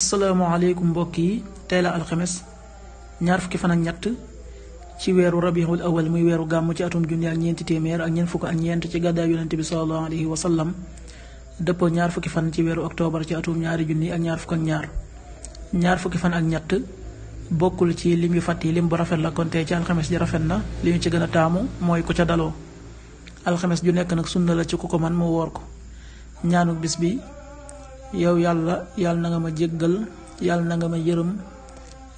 asalaamaaleykum mbokk yi tey la alxemes ñaar fukki fan ak ñett ci weeru rabiul awal muy weeru gàmm ci atum junni ak ñeenti téeméer ak ñeent fukk ak ñeent ci gàddaay yonente bi salallahu alayhi wa sallam dëppoo ñaar fukki fan ci weeru octobre ci atum ñaari junni ak ñaar fukk ak ñaar fukki fan ak ñett bokkul ci lim yu fàtt yi lim bu rafet la kon tey ci alxemes ji rafet na li ci gën a taamu mooy ko ca daloo alxemes ju nekk nag sunna la ci ku ko man mu woor ko ñaanu bis bi yow yàlla yàlla na nga ma jéggal yàlla na nga ma yërëm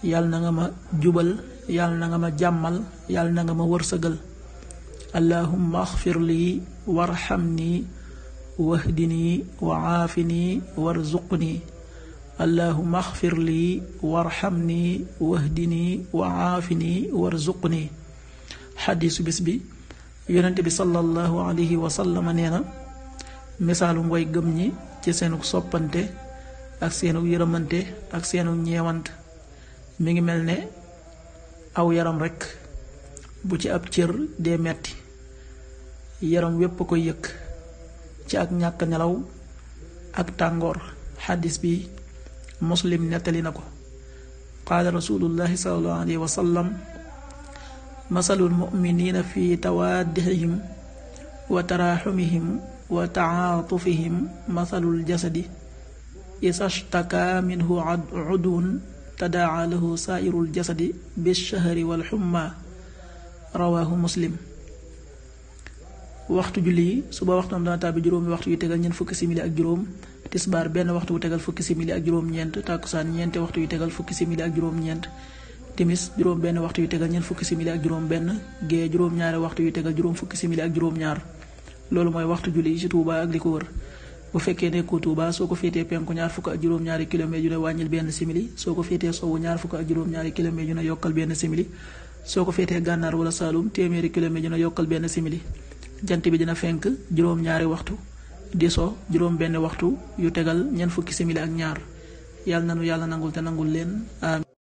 yàlla na nga ma jubal yàlla na nga ma jàmmal yàlla na nga ma wërsëgal allahumma axfir lii warxamnii wahdinii wa aafinii warzuqnii allahumma axfir lii warxamnii wa aafinii warzuqnii bi yonent bi sallallahu alayhi wa sallam nee misaalum way gëm ci seenug soppante ak seenug yërëmante ak seenug ñeewant mi ngi mel ne aw yaram rekk bu ci ab cër dee metti yaram wépp a ko yëkk ci ak ñàkk nelaw ak tàngoor xaddis bi muslim nettali na ko qaala rasulullahi salallahu alayhi wa sallam masalul muminina fi tawaadihim wa taraxumihim wa taatufihim mathalul jasadi isashtaka minhu udwun tadaa lahu saa'irul jasadi bichahri wal xumma rawaahu muslim waxtu julli suba waxtoom dana tàbbi juróomi waxtu yu tegal ñeent fukki simili ak juróom tisbaar benn waxtu bu tegal fukki simili ak juróom-ñeent waxtu yu tegal fukki simili ak juróom-ñeent timis juróom benn waxtu yu tegal ñeent fukki simili ak juróom benn gee juróom-ñaari waxtu yu tegal juróom fukki simili ak juróom-ñaar loolu mooy waxtu julli ci Touba ak li ko wër bu fekkee nekkoo Touba soo ko féetee penku ñaar fukk ak juróom-ñaari kilomètres yu ne wàññil benn simili soo ko féetee sowu ñaar fukk ak juróom-ñaari kilomètres yu ne yokkal benn simili soo ko féetee gànnaar wala Saalum téeméeri kilomètres yu yokkal benn simili jant bi dina fenk juróom-ñaari waxtu di so juróom-benn waxtu yu tegal ñeent fukki simili ak ñaar yàlla na nu yàlla nangul te nangul leen